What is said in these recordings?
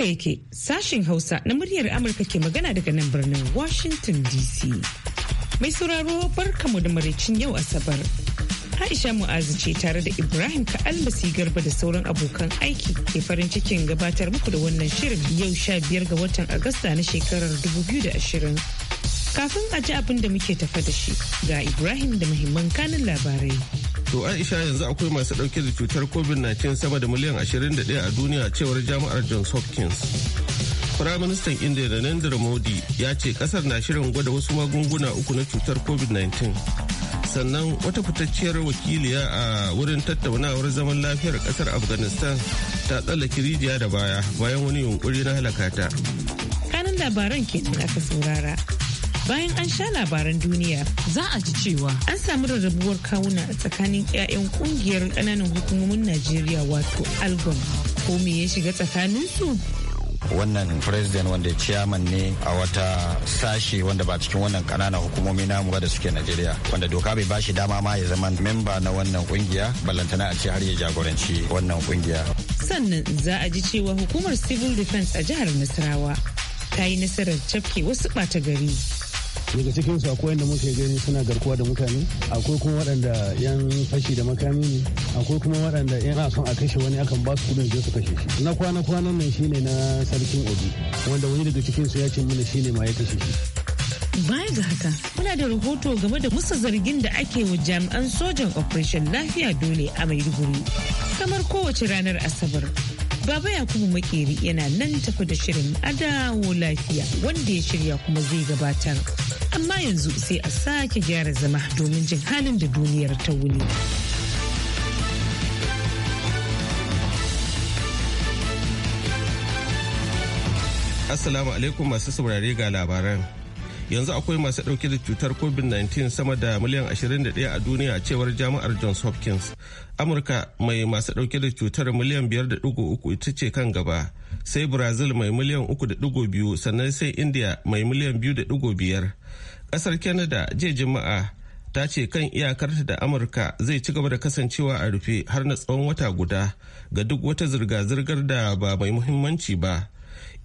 haka yake sashen Hausa na muryar Amurka ke magana daga nan birnin Washington DC. Mai sauraro barkamu da maraicin yau Asabar. Aisha Mu'azu ce tare da Ibrahim Ka'almasi Garba da sauran abokan aiki ke farin cikin gabatar muku da wannan shirin yau sha biyar ga watan Agusta na shekarar dubu 2020. Kafin a ji abin da muke tafa da shi ga Ibrahim da muhimman kanin labarai. To Aisha yanzu akwai masu ɗauke da cutar COVID-19 sama da miliyan 21 a duniya cewar jami'ar Johns Hopkins. Firaministan da Narendra Modi ya ce kasar na shirin gwada wasu magunguna uku na cutar COVID-19. Sannan wata fitacciyar wakiliya a wurin tattaunawar zaman lafiyar kasar Afghanistan ta tsallake rijiya da baya bayan wani yunkuri na halakata. Kanan labaran cin aka saurara. Bayan an sha labaran duniya, za a ji cewa an samu rarrabuwar kawuna tsakanin 'ya'yan kungiyar ƙananan hukumomin Najeriya wato Algon. Ko me ya shiga tsakaninsu? wannan president wanda chairman ne a wata sashe wanda ba cikin wannan kananan hukumomi namu da suke Najeriya wanda doka bai bashi dama ma ya zama memba na wannan kungiya ballantana a ce har ya jagoranci wannan kungiya. Sannan za a ji cewa hukumar civil defense a jihar Nasarawa ta yi nasarar cafke wasu bata gari. daga cikin su akwai wanda muke gani suna garkuwa da mutane akwai kuma waɗanda yan fashi da makami ne akwai kuma waɗanda yan a son a kashe wani akan ba su kudin su kashe shi na kwana kwanan nan shine na sarkin obi wanda wani daga cikin su ya ce mana shine ma ya kashe shi Baya ga haka, muna da rahoto game da musa zargin da ake wa jami'an sojan Operation Lafiya Dole a Maiduguri. Kamar kowace ranar Asabar, Baba ya kuma Makeri yana nan tafi da shirin adawo lafiya wanda ya shirya kuma zai gabatar. Amma yanzu sai a sake gyara zama domin jin halin da duniyar ta wuni. Assalamu alaikum masu saurare ga labaran. Yanzu akwai masu ɗauke da cutar COVID-19 sama da miliyan 21 a duniya cewar jami'ar Johns Hopkins. Amurka mai masu ɗauke da cutar miliyan 5.3 ita ce kan gaba sai brazil mai miliyan 3.2 sannan sai india mai miliyan 2.5 kasar canada jiya juma'a ta ce kan iyakarta da amurka zai ci gaba da kasancewa a rufe har na tsawon wata guda ga duk wata zirga-zirgar da ba mai muhimmanci ba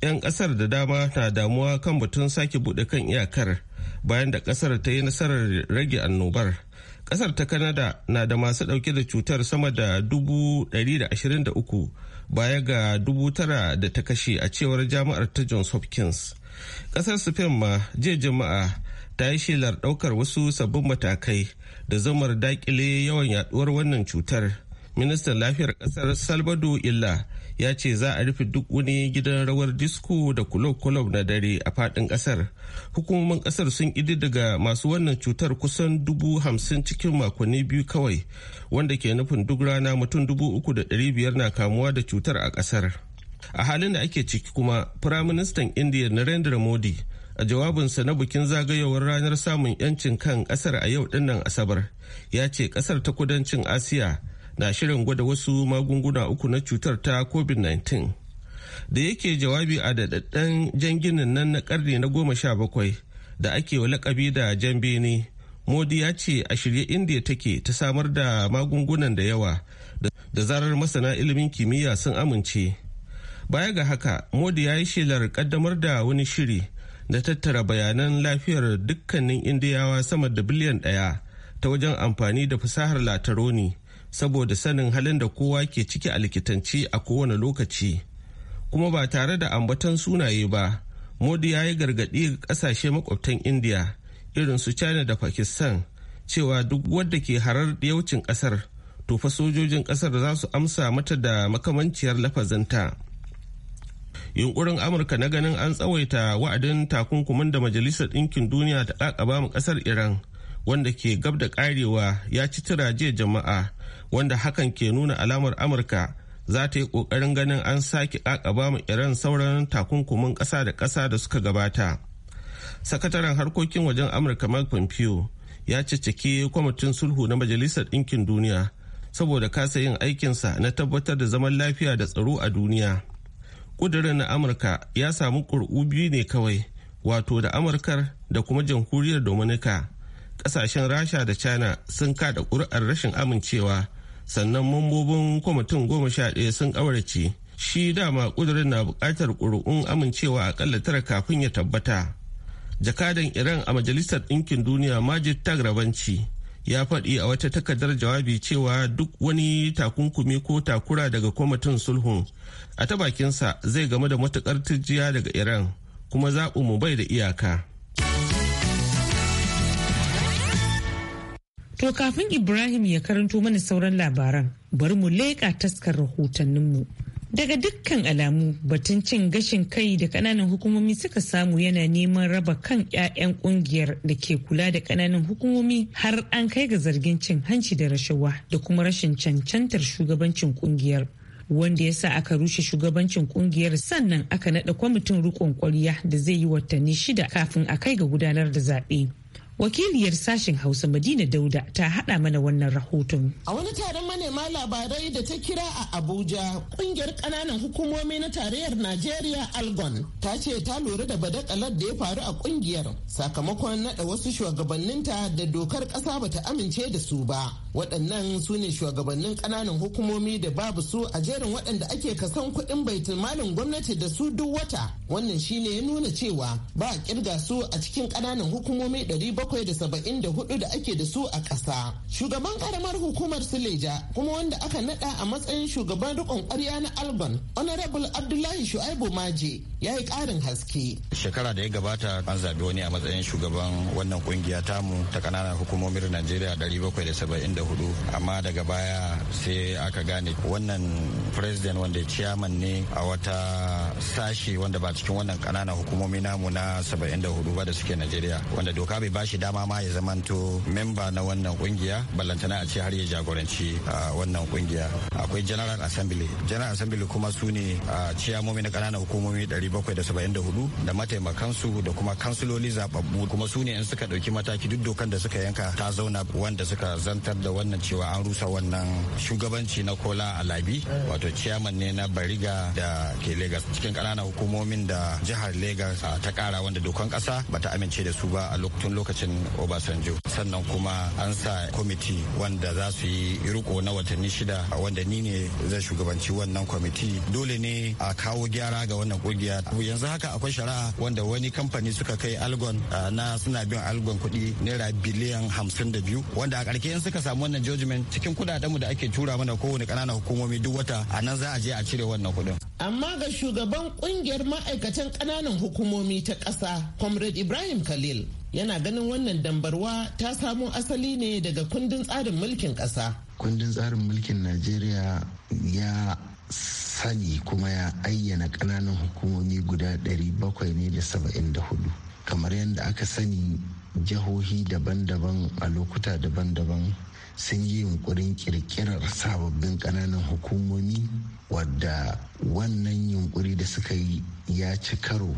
'yan kasar da dama na damuwa kan batun sake bude kan iyakar bayan da kasar ta yi nasarar rage annobar Kasar ta Canada na da masu dauke da cutar sama da 123 baya ga dubu tara da ta kashe a cewar jami'ar ta Johns Hopkins. Kasar Spain ma jiya jama'a ta yi shelar daukar wasu sabbin matakai da zamar dakile yawan yaduwar wannan cutar. ministan lafiyar kasar salvador illa ya ce za a rufe duk wani gidan rawar disko da kulob-kulob na dare a fadin kasar hukumomin kasar sun daga masu wannan cutar kusan dubu hamsin cikin makonni biyu kawai wanda ke nufin duk rana mutum dubu uku da ɗari biyar na kamuwa da cutar a kasar a halin da ake ciki kuma firaministan indiya narendra modi a jawabinsa na bikin zagayowar ranar samun 'yancin kan kasar a yau dinnan asabar ya ce kasar ta kudancin asiya na shirin gwada wasu magunguna uku na cutar ta covid-19 da yake jawabi a daɗaɗɗen jan ginin nan na ƙarni na goma sha bakwai da ake wa lakabi da jan bene modi ya ce a shirye indiya take ta samar da magungunan da yawa da zarar masana ilimin kimiyya sun amince baya ga haka modi ya yi shelar kaddamar da wani shiri da tattara bayanan lafiyar dukkanin indiyawa sama da biliyan ɗaya ta wajen amfani da fasahar lataroni saboda sanin halin da kowa ke ciki a likitanci a kowane lokaci kuma ba tare da ambaton sunaye ba modi ya yi gargaɗi ga ƙasashe makwabtan indiya irin su china da pakistan cewa duk wadda ke harar yaucin ƙasar to fa sojojin ƙasar za su amsa mata da makamanciyar lafazinta yunkurin amurka na ganin an tsawaita wa'adin takunkumin da majalisar ɗinkin duniya ta ƙaƙaba mu ƙasar iran wanda ke gab da ƙarewa ya ci tira jiya jama'a wanda hakan ke nuna alamar amurka za ta yi kokarin ganin an sake kakaba ma iran sauran takunkumin kasa da kasa da suka gabata sakataren harkokin wajen amurka mark pompeo ya cicciki kwamitin sulhu na majalisar ɗinkin duniya saboda kasa yin aikinsa na tabbatar da zaman lafiya da tsaro a duniya ƙudurin na amurka ya samu ƙur'u biyu ne kawai wato da amurkar da kuma jamhuriyar dominica ƙasashen rasha da china sun kada ƙuri'ar rashin amincewa sannan mambobin kwamitin goma sha ɗaya sun ƙawarce shi dama ƙudurin na buƙatar ƙuri'un amincewa aƙalla tara kafin ya tabbata jakadan iran a majalisar ɗinkin duniya majid tagrabanci ya faɗi a wata takardar jawabi cewa duk wani takunkumi ko takura daga kwamitin sulhun a ta bakinsa zai game da matukar tijjiya daga iran kuma mu bai da iyaka. To kafin Ibrahim ya karanto mana sauran labaran, bari mu leƙa taskar rahotanninmu. Daga dukkan alamu batun cin gashin kai da kananan hukumomi suka samu yana neman raba kan 'ya'yan kungiyar da ke kula da kananan hukumomi har an kai ga zargin cin hanci da rashawa da kuma rashin cancantar shugabancin kungiyar. wanda ya sa aka rushe shugabancin kungiyar sannan aka naɗa kwamitin riƙon ƙwarya da zai yi watanni shida kafin a kai ga gudanar da zaɓe. Wakiliyar sashen Hausa Madina Dauda ta haɗa mana wannan rahoton. A wani taron manema labarai da ta kira a Abuja, ƙungiyar ƙananan hukumomi na tarayyar Najeriya Algon ta ce ta lura da badakalar da ya faru a ƙungiyar sakamakon naɗa wasu shugabanninta da dokar ƙasa ta amince da su ba. Waɗannan su ne shugabannin ƙananan hukumomi da babu su a jerin waɗanda ake kasan kuɗin malin gwamnati da su duk wata. Wannan shine ya nuna cewa ba a kirga su a cikin ƙananan hukumomi ɗari 774 da ake da su a ƙasa. Shugaban ƙaramar hukumar Suleja kuma wanda aka naɗa a matsayin shugaban rikon ƙwarya na Alban, Honorable Abdullahi Shu'aibu Maje ya yi ƙarin haske. Shekara da ya gabata an zaɓi wani a matsayin shugaban wannan ƙungiya tamu ta ƙananan hukumomin Najeriya 774 amma daga baya sai aka gane wannan president wanda ciyaman ne a wata sashi wanda ba cikin wannan ƙananan hukumomi namu na 74 ba da suke Najeriya wanda doka bai bashi shi dama ma ya zamanto memba na wannan kungiya ballantana a ce har ya jagoranci wannan kungiya akwai general assembly general assembly kuma su ne ciyamomi na kananan hukumomi 774 da mataimakansu da kuma kansuloli zababbu kuma su ne in suka dauki mataki duk dokan da suka yanka ta zauna wanda suka zantar da wannan cewa an rusa wannan shugabanci na kola a alabi wato ciyaman ne na bariga da ke legas cikin kananan hukumomin da jihar legas ta kara wanda dokan kasa bata amince da su ba a lokacin gwamnatin obasanjo sannan kuma an sa kwamiti wanda za su yi riko na watanni shida wanda ni ne zai shugabanci wannan kwamiti dole ne a kawo gyara ga wannan kungiya yanzu haka akwai shari'a wanda wani kamfani suka kai algon na suna bin algon kuɗi naira biliyan hamsin da biyu wanda a ƙarshe in suka samu wannan judgment cikin kuɗaɗenmu da ake tura mana kowane ƙananan hukumomi duk wata a nan za a je a cire wannan kuɗin. amma ga shugaban kungiyar ma'aikatan kananan hukumomi ta ƙasa comrade ibrahim khalil yana ganin wannan dambarwa ta samo asali ne daga kundin tsarin mulkin ƙasa. kundin tsarin mulkin najeriya ya sani kuma ya ayyana ƙananan hukumomi guda 774 kamar yadda aka sani jihohi daban-daban a lokuta daban-daban sun yi yunkurin kirkirar sababbin ƙananan hukumomi wadda wannan yunkuri da suka yi ya ci karo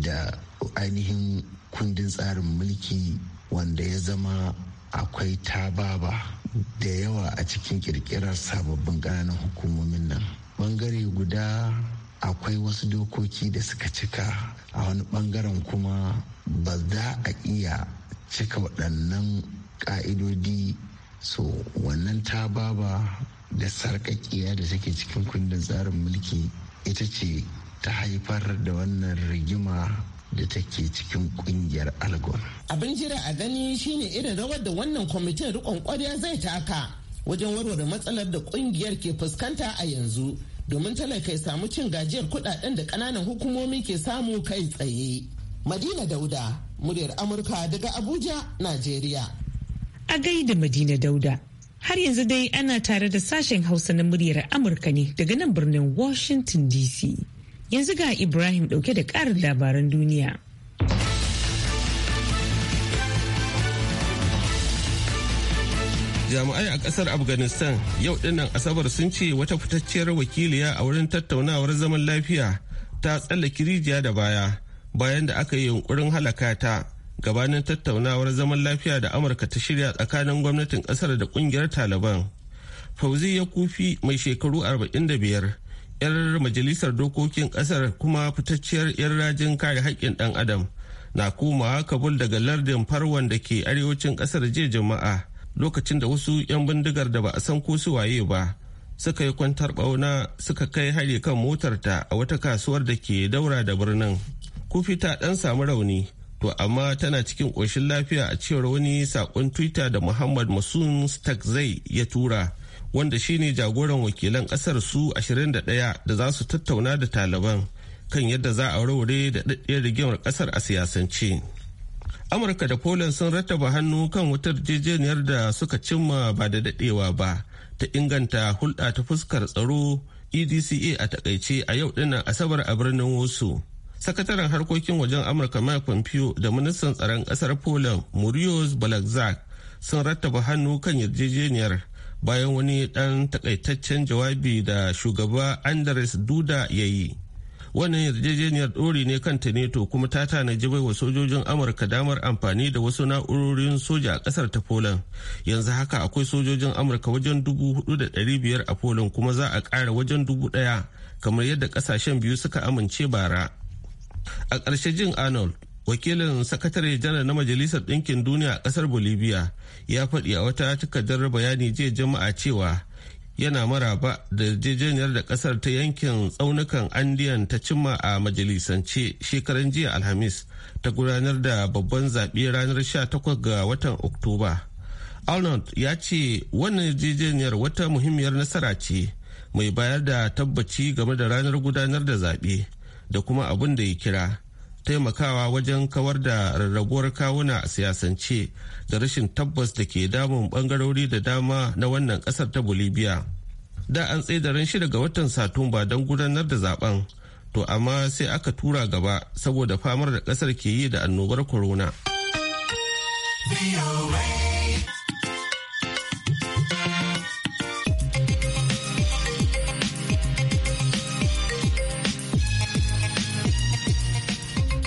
da ainihin kundin tsarin mulki wanda ya zama akwai tababa da yawa a cikin kirkirar sababbin ƙananan hukumomin nan ɓangare guda akwai wasu dokoki da suka cika a wani ɓangaren kuma ba za a iya cika waɗannan ƙa'idodi so wannan tababa da sarƙaƙiya da take cikin kundin tsarin mulki ita ce ta haifar da wannan rigima da take cikin kungiyar algon. abin jira a gani shine irin rawar da wannan kwamitin rikon kwarya zai taka wajen warware matsalar da kungiyar ke fuskanta a yanzu domin talaka ya samu cin gajiyar kudaden da kananan hukumomi ke samu kai tsaye madina dauda muryar amurka daga abuja najeriya a gaida madina dauda Har yanzu dai ana tare da sashen Hausa na muryar Amurka ne daga nan birnin Washington DC. Yanzu ga Ibrahim ɗauke da ƙarin labaran duniya. jami'ai a kasar afghanistan yau dinnan asabar sun ce wata fitacciyar wakiliya a wurin tattaunawar zaman lafiya ta tsallake rijiya da baya bayan da aka yi yunkurin halaka ta gabanin tattaunawar zaman lafiya da amurka ta shirya tsakanin gwamnatin kasar da kungiyar taliban fauzi ya kufi mai shekaru 45 'yar majalisar dokokin kasar kuma fitacciyar yar rajin kare haƙƙin ɗan adam na komawa kabul daga lardin farwan da ke arewacin ƙasar jiya jama'a lokacin da wasu 'yan bindigar da ba a san ko su waye ba suka yi kwantar bauna suka kai hari kan motarta a wata kasuwar da ke daura da birnin kufita ɗan samu rauni to amma tana cikin ƙoshin lafiya a cewar wani saƙon twitter da muhammad masun zai ya tura wanda shine jagoran wakilan kasar su 21 da za su tattauna da taliban kan yadda za a raure da ɗaɗɗiyar rigimar kasar a siyasance amurka da poland sun rattaba hannu kan wutar jejeniyar da suka cimma ba da daɗewa ba ta inganta hulɗa ta fuskar tsaro edca a takaice a yau dinnan asabar a birnin wasu sakataren harkokin wajen amurka mike pompeo da ministan tsaron kasar poland murios balazak sun rattaba hannu kan yarjejeniyar bayan wani ɗan takaitaccen jawabi da shugaba Andres Duda ya yi. Wannan yarjejeniyar dori ne kan Taneto kuma ta tanaji baiwa sojojin Amurka damar amfani da wasu na'urorin soja a ƙasar ta Poland. Yanzu haka akwai sojojin Amurka wajen dubu hudu da ɗari biyar a Poland kuma za a ƙara wajen dubu ɗaya kamar yadda ƙasashen biyu suka amince bara. A ƙarshe jin Arnold wakilin sakatare janar na majalisar ɗinkin duniya a ƙasar bolivia ya faɗi a wata takardar bayani jiya jama'a cewa yana maraba da yarjejeniyar da ƙasar ta yankin tsaunukan andiyan ta cimma a majalisance shekaran jiya alhamis ta gudanar da babban zaɓe ranar 18 ga watan oktoba arnold ya ce wannan yarjejeniyar wata muhimmiyar nasara ce mai bayar da tabbaci game da ranar gudanar da zaɓe da kuma abin da ya kira taimakawa wajen kawar da rarrabuwar kawuna a siyasance da rashin tabbas da ke damun bangarori da dama na wannan kasar ta bolivia da an da ran shida ga watan satumba don gudanar da zaben to amma sai aka tura gaba saboda famar da kasar ke yi da annobar corona.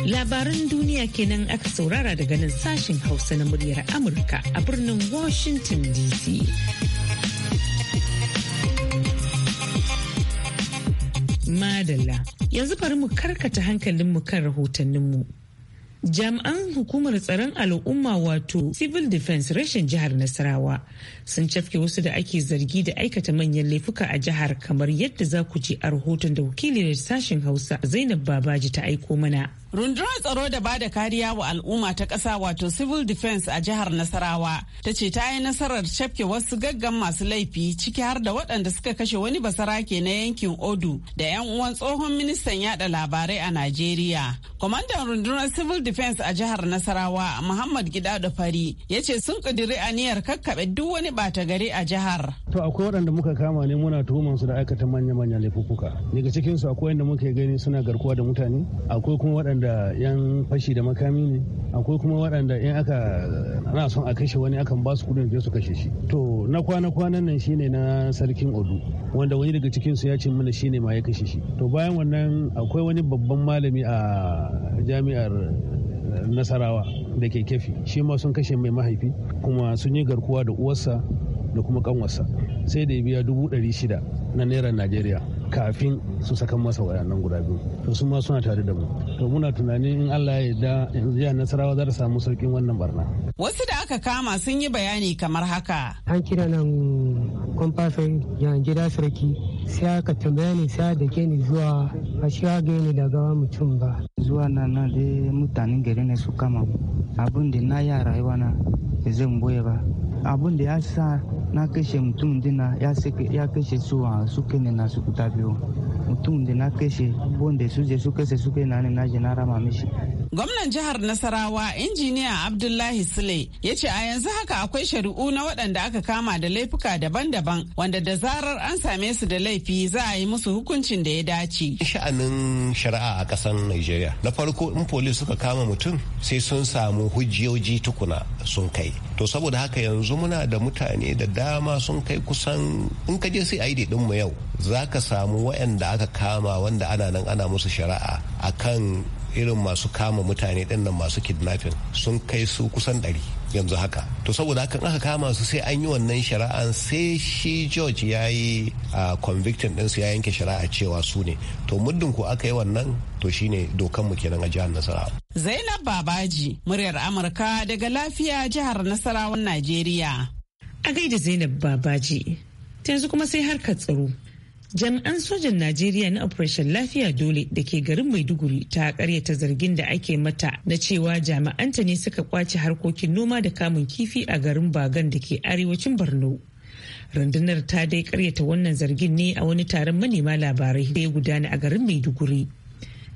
Labaran duniya kenan aka saurara daga nan sashen Hausa na muryar Amurka a birnin Washington DC. Madala. yanzu bari mu karkata hankalinmu kan rahotanninmu. Jami'an hukumar tsaron al'umma wato Civil Defense rashin jihar Nasarawa sun cafke wasu da ake zargi da aikata manyan laifuka a jihar kamar yadda za ku ji a rahoton da wakilin sashen Hausa Zainab Babaji ta aiko mana. Rundunar tsaro da bada kariya wa al'umma ta ƙasa wato civil defense a jihar Nasarawa ta ce ta yi nasarar cafke wasu gaggan masu laifi ciki har da waɗanda suka kashe wani basarake na yankin Odu da 'yan uwan tsohon ministan yada labarai a Najeriya. Kwamandan rundunar civil defense a jihar Nasarawa Muhammad Gidado Fari ya ce sun ƙudiri aniyar kakkaɓe duk wani ɓata gari a jihar. To akwai waɗanda muka kama ne muna tuhumar su da aikata manya-manyan laifuka. Daga cikinsu akwai wanda muke gani suna garkuwa da mutane akwai kuma waɗanda waɗanda 'yan fashi da makami ne akwai kuma waɗanda in aka ana son a kashe wani akan ba su kudin su kashe shi to na kwana kwanan nan shine na sarkin odu wanda wani daga cikin su ya ce mana shine ma ya kashe shi to bayan wannan akwai wani babban malami a jami'ar eh, nasarawa da ke kefi shi ma sun kashe mai mahaifi kuma sun yi garkuwa da uwarsa da kuma kanwarsa sai da ya biya dubu ɗari shida na naira najeriya kafin su sakan masa wayannan guda biyu to su ma suna tare da mu to muna tunanin in Allah ya yarda yanzu ya nasarawa za ta samu sarkin wannan barna wasu da aka kama sun yi bayani kamar haka an kira nan kwamfafin yan gida sarki sai aka tambaya ni sai da ke ni zuwa a shiga ni daga mutum ba zuwa nan na dai mutanen gari ne su kama abin da na yi a na zan boye ba abin da ya sa na kashe mutum dina ya kashe su a suke ne na sukuta biyu mutum dina kashe bonde su je su kashe suke na ne na je na rama mishi Gwamnan jihar Nasarawa injiniya Abdullahi Sule ya ce a yanzu haka akwai shari'u na waɗanda aka kama da laifuka daban-daban wanda da zarar an same su da laifi za a yi musu hukuncin da ya dace. Sha'anin shari'a a ƙasar nigeria Na farko in polis suka kama mutum sai sun samu hujjoji tukuna sun kai. To saboda haka yanzu muna da mutane da dama sun kai kusan in ka je sai a yi mu yau za ka samu waɗanda aka kama wanda ana nan ana musu shari'a akan irin masu kama mutane ɗin nan masu kidnapping sun kai su kusan ɗari yanzu haka to saboda haka aka kama su sai an yi wannan shari'an sai shi george ya yi a convictin ɗinsu ya yanke shari'a cewa su ne to muddin ku aka yi wannan to shine mu kenan a jihar nasarawa zainab babaji muryar amurka daga lafiya jihar nasarawan najeriya a gaida zainab babaji ta yanzu kuma sai harkar tsaro jami'an sojan najeriya na operation lafiya dole da ke garin maiduguri ta karyata zargin da ake mata na cewa jami'anta ne suka kwace harkokin noma da kamun kifi a garin bagan da ke arewacin borno rundunar ta dai karyata wannan zargin ne a wani taron manema labarai da ya gudana a garin maiduguri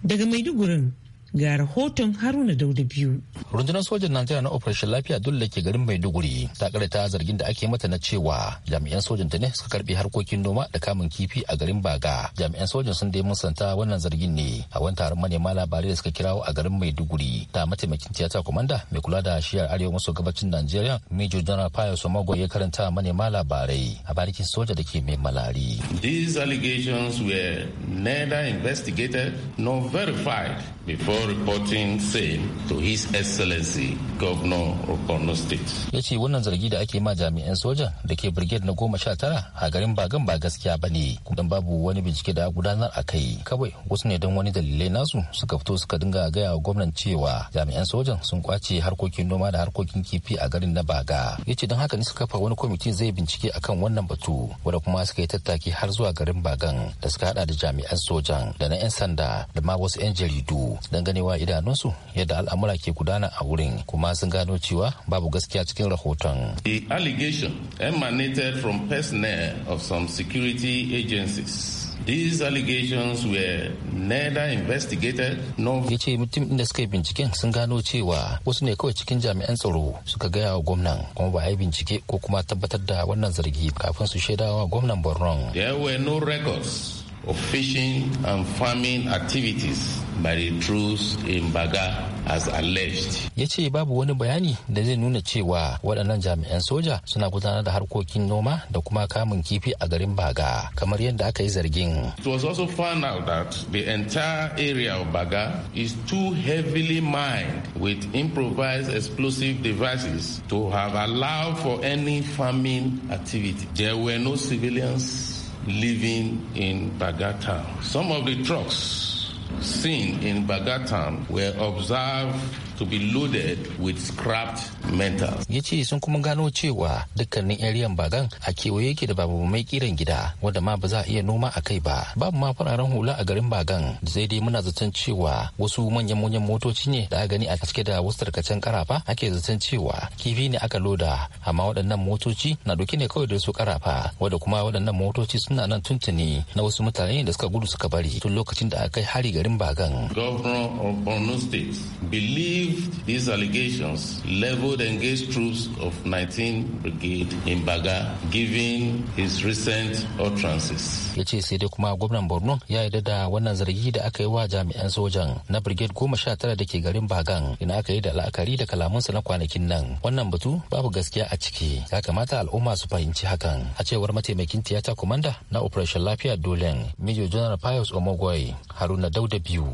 daga maidugurin ga rahoton haruna dauda biyu rundunar sojan najeriya na operation lafiya dole ke garin maiduguri ta karata zargin da ake mata na cewa jami'an sojan ta ne suka karbe harkokin noma da kamun kifi a garin baga jami'an sojan sun dai musanta wannan zargin ne a wani taron manema labarai da suka kirawo a garin maiduguri ta mataimakin tiyata komanda mai kula da shiyar arewa maso gabacin najeriya major general payo somago ya karanta manema labarai a barikin soja da ke mai malari these allegations were neither investigated nor verified before all reporting same to His Excellency Governor of Borno State. Ya ce wannan zargi da ake ma jami'an sojan da ke brigade na goma sha tara a garin Bagan ba gaskiya ba ne. Don babu wani bincike da gudanar a kai. Kawai wasu ne don wani dalilai nasu suka fito suka dinga gaya wa gwamnan cewa jami'an sojan sun kwace harkokin noma da harkokin kifi a garin na Baga. Ya ce don haka ne suka kafa wani kwamiti zai bincike akan wannan batu wanda kuma suka yi tattaki har zuwa garin Bagan da suka hada da jami'an sojan da na 'yan sanda da ma wasu 'yan jaridu don ganewa idanunsu yadda al'amura ke gudana a wurin kuma sun gano cewa babu gaskiya cikin rahoton. The allegation emanated from personnel of some security agencies. These allegations were neither investigated nor... Ya ce mutum da suka yi binciken sun gano cewa wasu ne kawai cikin jami'an tsaro suka gaya wa gwamnan kuma ba a yi bincike ko kuma tabbatar da wannan zargi kafin su shaidawa gwamnan Borno. There were no records of fishing and farming activities by the troops in Baga as alleged. Ya ce babu wani bayani da zai nuna cewa waɗannan jami'an soja suna gudanar da harkokin noma da kuma kamun kifi a garin Baga kamar yadda aka yi zargin. It was also found out that the entire area of Baga is too heavily mined with improvised explosive devices to have allowed for any farming activity. There were no civilians living in Bagatan. Some of the trucks seen in Bagatan were observed to be loaded with scrapped metals. Ya ce sun kuma gano cewa dukkanin yan bagan a kewaye yake da babu mai kiran gida wanda ma ba za a iya noma a kai ba. Babu ma fararen hula a garin bagan sai dai muna zaton cewa wasu manyan manyan motoci ne da a gani a cike da wasu tarkacen karafa ake zaton cewa kifi ne aka loda amma waɗannan motoci na doki ne kawai da su karafa wanda kuma waɗannan motoci suna nan tuntuni na wasu mutane da suka gudu suka bari tun lokacin da aka kai hari garin bagan. Governor of Borno State believe believed these allegations, leveled engaged troops of 19 Brigade in Baga, giving his recent utterances. Ya ce sai dai kuma gwamnan Borno ya yi da wannan zargi da aka yi wa jami'an sojan na Brigade goma sha tara da ke garin Bagan, ina aka yi da la'akari da kalamansa na kwanakin nan. Wannan batu babu gaskiya a ciki, ya kamata al'umma su fahimci hakan. A cewar mataimakin tiyata kumanda na Operation Lafiya Dolen, Major General Pius Omogoy, Haruna Dauda biyu,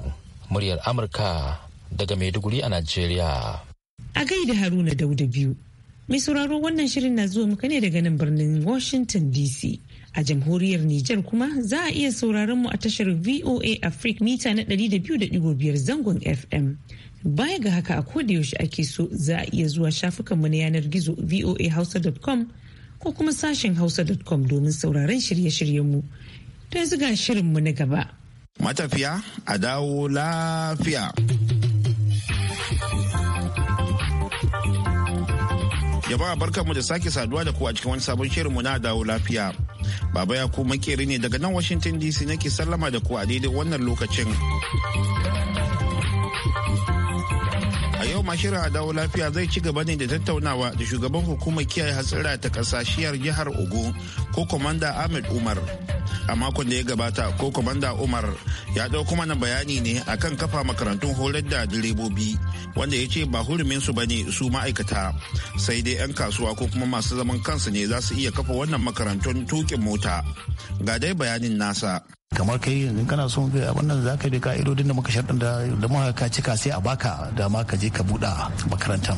muryar Amurka daga Maiduguri a Najeriya. A gaida Haruna Dauda biyu. Mai sauraro wannan shirin na zuwa muka ne daga nan birnin Washington DC. A jamhuriyar Nijar kuma za a iya sauraron mu a tashar VOA Africa mita na 200.5 zangon FM. Baya ga haka a koda yaushe ake so za a iya zuwa shafukanmu na yanar gizo voahausa.com ko kuma sashen hausa.com domin sauraron shirye-shiryenmu. Ta yanzu ga shirinmu na gaba. Matafiya a dawo lafiya. Jama'a mu da sake saduwa da ku a cikin wani sabon shirinmu na dawo lafiya. Baba ya ku makeri ne daga nan Washington DC nake sallama da ku a daidai wannan lokacin. yau mashirin a dawo lafiya zai ci gaba ne da tattaunawa da shugaban hukumar kiyaye hatsira ta kasashiyar jihar ogun ko komanda ahmed umar a makon da ya gabata ko komanda umar ya ɗauko mana bayani ne akan kafa makarantun horar da direbobi wanda ya ce ba hurumin su ne su ma'aikata sai dai 'yan kasuwa ko kuma masu zaman kansu ne za su iya kafa wannan makarantun tukin mota ga dai bayanin nasa kamar kai yanzu kana son kai abin nan zaka bi ka'idodin da muka sharɗin da da muka ka cika sai a baka dama ka je ka buɗa makarantar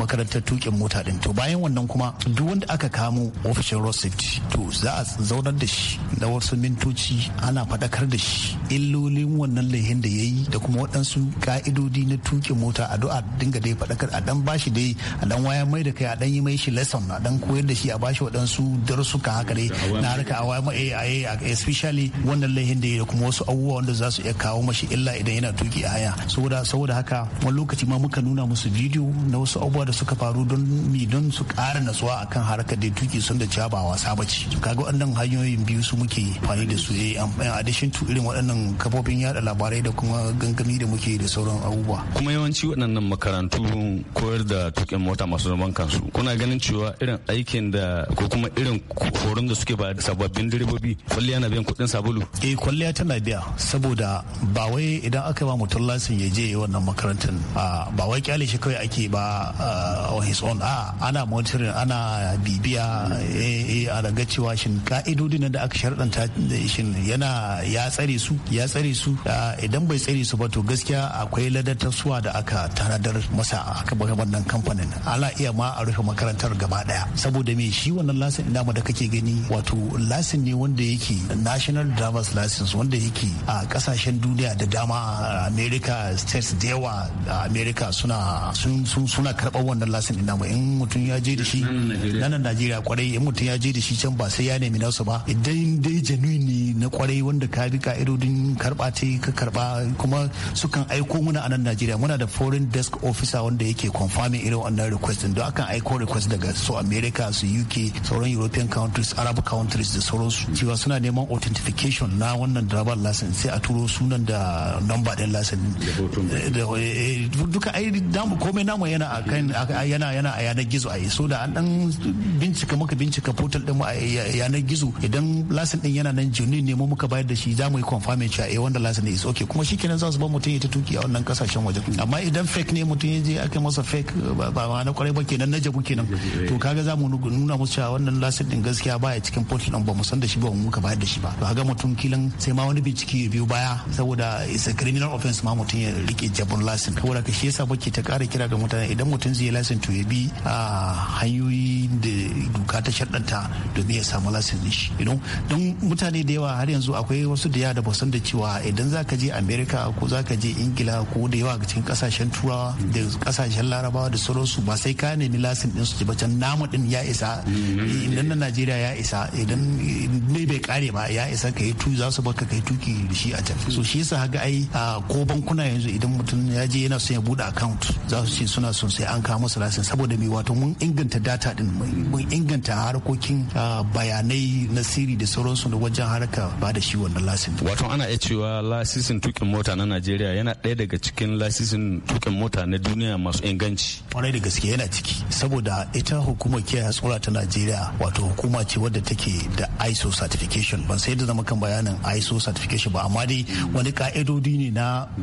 makarantar eh, eh, tukin mota din to bayan wannan kuma duk wanda aka kamo ofishin road safety to za a zaunar da shi na wasu mintoci ana faɗakar da shi illolin wannan lahin da yayi da kuma waɗansu ka'idodi na tukin mota a do'a dinga dai faɗakar a dan bashi dai a dan waya mai da kai a dan yi mai shi lesson a dan koyar da shi a bashi waɗansu darussuka haka dai na harka eh, a waya mai a especially wannan laihin da ya kuma wasu abubuwa wanda za su iya kawo mashi illa idan yana tuki a haya saboda saboda haka wani lokaci ma muka nuna musu bidiyo na wasu abubuwa da suka faru don mi don su ƙara natsuwa akan harkar da tuki sun da cewa ba wasa ba ce kaga waɗannan hanyoyin biyu su muke fani da su yayi eh, addition to irin waɗannan kafofin yada labarai da kuma gangami da muke da sauran abubuwa kuma yawanci waɗannan makarantu koyar da tukin mota masu zaman kansu kuna ganin cewa irin aikin da ko kuma irin horon da suke ba sababbin direbobi kwalliya na biyan kuɗin sabulu eh kwalliya tana biya saboda ba wai idan aka ba mutum lasin ya je wannan makarantar ba wai kyale shi kawai ake ba on his own a ana monitoring ana bibiya eh, eh, a daga cewa shin ka'idodin da aka sharɗanta eh, shin yana ya tsare su ya tsare su idan bai tsare su ba to gaskiya akwai suwa da aka tanadar masa aka bar wannan kamfanin ana iya ma a rufe makarantar gaba daya saboda me shi wannan lasin namu da kake gani wato lasin ne wanda yake national driver's license wanda yake a kasashen duniya da dama america states da yawa a america suna suna karɓar wannan license ɗin in mutum ya je da shi nan najeriya kwarai in mutum ya je da shi can ba sai ya nemi nasu ba idan dai genuine ne na kwarai wanda ka rika idodin karɓa ta ka karɓa kuma sukan aiko muna a nan najeriya muna da foreign desk officer wanda yake confirming irin wannan request din don akan aiko request daga su america su uk sauran european countries arab countries da sauransu cewa suna neman authentication na wannan driver license sai a turo sunan da number din license eh, eh, eh, duka ai damu komai namu yana yana yana a yanar gizo ai so da an dan bincika muka bincika portal din mu a yanar gizo idan license din yana nan jini ne mu muka bayar da shi za mu yi confirming cewa eh wanda license is okay kuma shikenan za su ba mutum ya ta tuki a wannan kasashen waje. amma idan fake ne mutum ya je aka masa fake ba ma na kwarai ba kenan na jabu kenan to kaga za mu nuna musu cewa wannan license din gaskiya baya cikin portal din ba mu san da shi ba mu muka bayar da shi shi ba to ga mutum kilan sai ma wani bincike biyu baya saboda is a criminal offense ma mutum ya rike jabun lasin saboda ka shi yasa muke ta kara kira ga mutane idan mutum zai lasin to ya bi hanyoyi da doka ta shaddanta domin ya samu lasin din shi don mutane da yawa har yanzu akwai wasu da yawa da ba da cewa idan zaka je america ko zaka je ingila ko da yawa cikin kasashen turawa da kasashen larabawa da sauransu ba sai ka nemi lasin din su ba can namu din ya isa mm-hmm. idan na najeriya ya isa idan ne bai kare ba ya isa ka yi tu za su baka ka yi tuki da shi a can so shi yasa haka ai a ko bankuna yanzu idan mutum ya je yana son ya buɗe account za su ce suna son sai an kawo masa lasin saboda me wato mun inganta data din mun inganta harkokin bayanai na siri da sauransu da wajen haraka. ba da shi wannan lasin wato ana iya cewa lasisin tukin mota na Najeriya yana ɗaya daga cikin lasisin tukin mota na duniya masu inganci kwarai da gaske yana ciki saboda ita hukumar kiyaye tsora ta Najeriya wato hukuma ce wadda take da ISO certification ba ban sai da zama kan bayanin ISO certification ba amma dai wani ka'idodi ne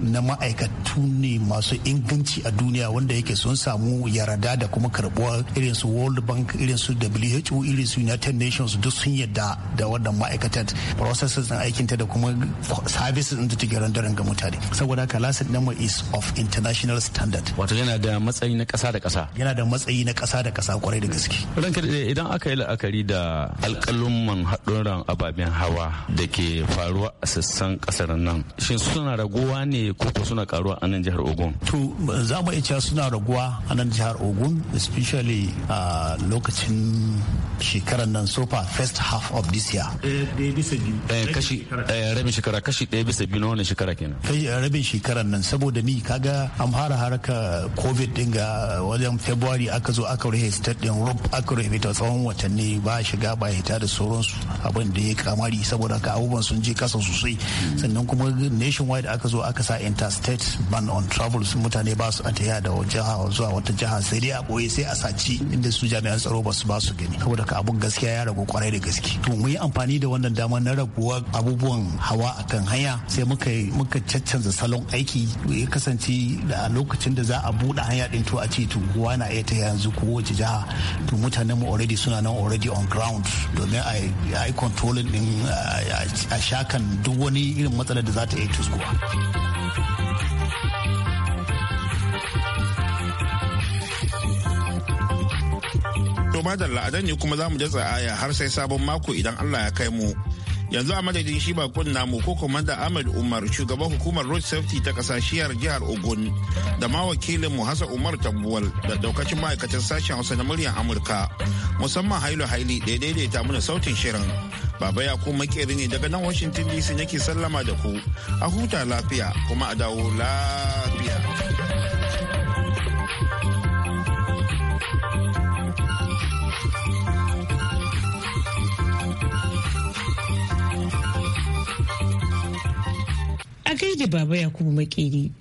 na ma'aikatu ne masu inganci a duniya wanda yake sun samu yarada da kuma karbuwa irin su World Bank irin su WHO irin su United Nations duk sun yarda da wannan ma'aikatar processes din aikin ta da kuma services din da take rendering ga mutane saboda haka lasin nan is of international standard wato yana da matsayi na kasa da kasa yana da matsayi na kasa da kasa kwarai da gaske idan aka yi la'akari da alƙalumman haɗurran ababen hawa da ke faruwa a sassan kasar nan shin suna raguwa ne ko ko suna karuwa a nan jihar ogun to za mu iya suna raguwa a nan jihar ogun especially a lokacin shekarar nan so far first half of this year eh, eh, kashi eh, rabin shekara kashi ɗaya bisa biyu na wannan shekara kenan rabin shekarar nan saboda ni kaga an fara haraka covid din ga wajen february aka zo aka rufe state din rub aka rufe ta tsawon watanni ba shiga ba hita da sauransu abin da ya kamari tasiri saboda ka abubuwan sun je kasa sosai sannan kuma nationwide aka zo aka sa interstate ban on travel mutane ba su a da jiha zuwa wata jiha sai dai a boye sai a saci inda su jami'an tsaro ba su ba su gani saboda ka abun gaskiya ya ragu kwarai da gaske to mu yi amfani da wannan dama na raguwa abubuwan hawa akan hanya sai muka muka caccanza salon aiki ya kasance da lokacin da za a buɗe hanya din to a ce to kowa na iya ta yanzu ko wace jiha to mutanen mu already suna nan already on ground domin a yi controlling din a shakan duk wani irin matsalar da za ta iya tuskuwa. To da a ne kuma za mu jatsa aya har sai sabon mako idan Allah ya kai mu. Yanzu a madadin shi bakon namu ko komanda Ahmed Umar shugaban hukumar Road Safety ta kasashiyar jihar Ogun da ma wakilin mu Hassan Umar Tambuwal da daukacin ma'aikatan sashen Hausa na muryar Amurka musamman Hailu Haili da daidaita mana sautin shirin. Baba ya ko makeri ne daga nan Washington DC nake sallama da ku. A huta lafiya kuma a dawo lafiya. A gaida Baba Yakubu Makeri.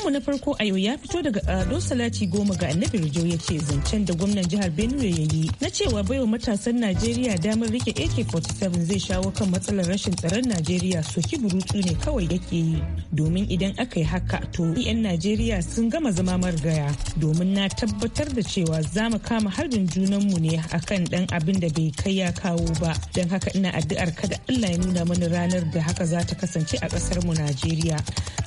Sakonmu na farko a yau ya fito daga Ado Salati Goma ga Annabi Rijo ya ce zancen da gwamnan jihar Benue ya yi na cewa baiwa matasan Najeriya damar rike AK47 zai shawo kan matsalar rashin tsaron Najeriya soki burutu ne kawai yake yi domin idan aka yi haka to 'yan Najeriya sun gama zama margaya domin na tabbatar da cewa za mu kama harbin junanmu ne akan dan abin da bai kai ya kawo ba don haka ina addu'ar kada Allah ya nuna mana ranar da haka za ta kasance a kasar mu Najeriya.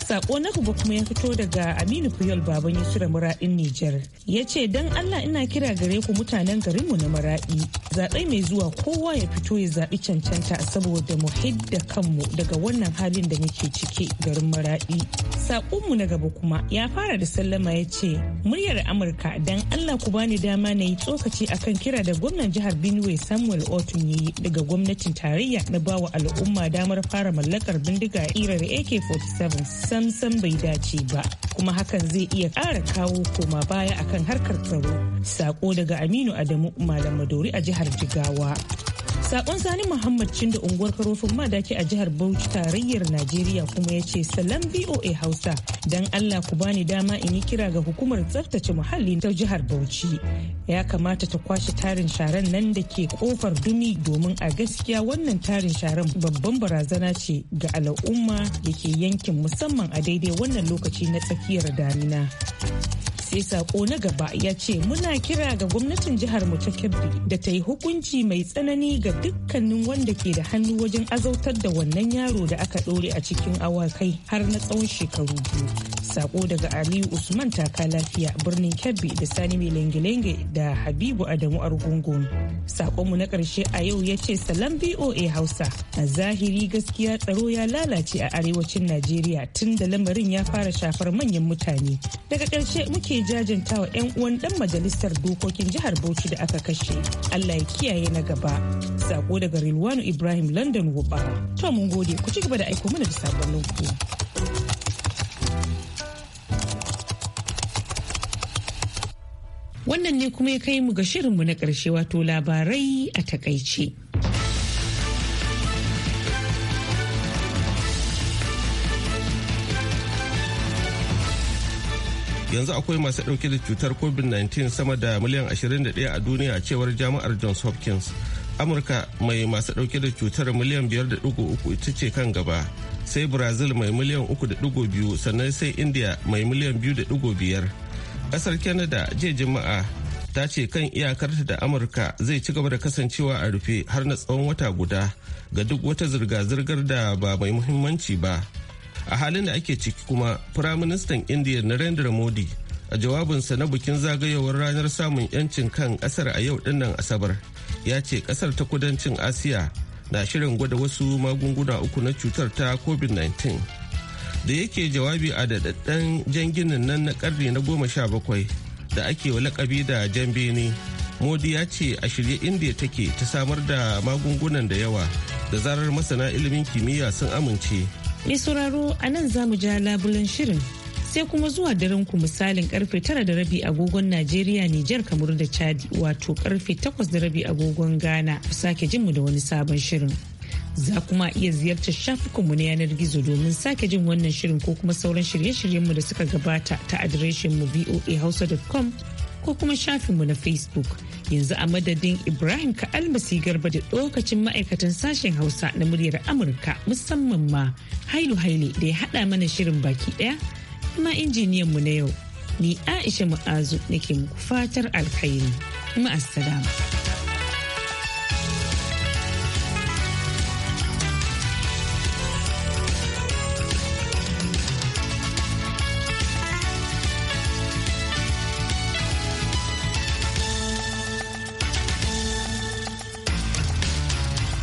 Sako na kuma ya fito da daga Aminu Kuyol Baban Yusra muraɗin Nijar. Ya ce don Allah ina kira gare ku mutanen garinmu na Maraɗi. Zaɓe mai zuwa kowa ya fito ya zaɓi cancanta saboda mu hidda kanmu daga wannan halin da muke ciki garin Maraɗi. Saƙonmu na gaba kuma ya fara da sallama ya ce muryar Amurka don Allah ku bani dama na yi tsokaci akan kira da gwamnan jihar Benue Samuel Otun ya yi daga gwamnatin tarayya na bawa al'umma damar fara mallakar bindiga irar AK-47 sam sam bai dace ba kuma hakan zai iya ƙara kawo koma baya akan harkar tsaro. Sako daga Aminu Adamu Malam Madori a jihar Jigawa. Sakon Sani Muhammad Cindo unguwar karofin madaki a jihar Bauchi tarayyar Najeriya kuma ya ce salam VOA Hausa don Allah ku bani dama in yi kira ga hukumar tsaftace muhalli ta jihar Bauchi. Ya kamata ta kwashe tarin sharan nan da ke kofar dumi domin a gaskiya wannan tarin sharan babban barazana ce ga al'umma da ke yankin musamman a daidai wannan lokaci na tsakiyar damina. sai sako na gaba ya ce muna kira ga gwamnatin jihar mu ta kebbi da ta yi hukunci mai tsanani ga dukkanin wanda ke da hannu wajen azautar da wannan yaro da aka ɗore a cikin awakai har na tsawon shekaru biyu Sako daga Aliyu Usman taka lafiya birnin Kebbi da Sani mai lengelenge da Habibu Adamu Argungun. Sakonmu na ƙarshe a yau ya ce salam BOA Hausa. A zahiri gaskiya tsaro ya lalace a arewacin Najeriya tun da lamarin ya fara shafar manyan mutane. Daga ƙarshe muke jajantawa 'yan uwan ɗan majalisar dokokin jihar Bauchi da aka kashe. Allah ya kiyaye na gaba. Sako daga Rilwanu Ibrahim London Wuba. To mun gode ku ci gaba da aiko mana da sabon ku. Wannan ne kuma ya kai mu ga shirinmu na ƙarshe wato labarai a takaice. yanzu akwai masu ɗauke da cutar covid-19 sama da miliyan 21 a duniya cewar jami'ar johns hopkins amurka mai masu ɗauke da cutar miliyan 5.3 ita ce kan gaba sai brazil mai miliyan 3.2 sannan sai india mai miliyan 2.5 kasar Canada jiya Juma'a ta ce kan iyakarta da Amurka zai ci gaba da kasancewa a rufe har na tsawon wata guda ga duk wata zirga-zirgar da ba mai muhimmanci ba. A halin da ake ciki kuma, Firaministan Indiya Narendra Modi a jawabinsa na bikin zagayowar ranar samun 'yancin kan kasar a yau dinnan asabar ya ce kasar ta kudancin asiya na shirin gwada wasu magunguna uku na cutar ta covid-19 da yake jawabi a daɗaɗɗen jan ginin nan na ƙarni na goma sha bakwai da ake wa lakabi da jan bene modi ya ce a shirye ya take ta samar da magungunan da yawa da zarar masana ilimin kimiyya sun amince mai sauraro a nan za mu ja labulen shirin sai kuma zuwa daren ku misalin karfe tara da rabi agogon najeriya nijar kamar da chadi wato karfe takwas da rabi agogon ghana sake jinmu da wani sabon shirin za kuma iya ziyartar shafukanmu na yanar gizo domin sake jin wannan shirin ko kuma sauran shirye-shiryenmu da suka gabata ta adireshinmu voahausa.com ko kuma shafinmu na facebook yanzu a madadin ibrahim ka'almasi garba da lokacin ma'aikatan sashen hausa na muryar amurka musamman ma hailu haile da ya haɗa mana shirin baki ɗaya kuma injiniyanmu na yau ni aisha mu'azu nake muku fatar alkhairi assalamu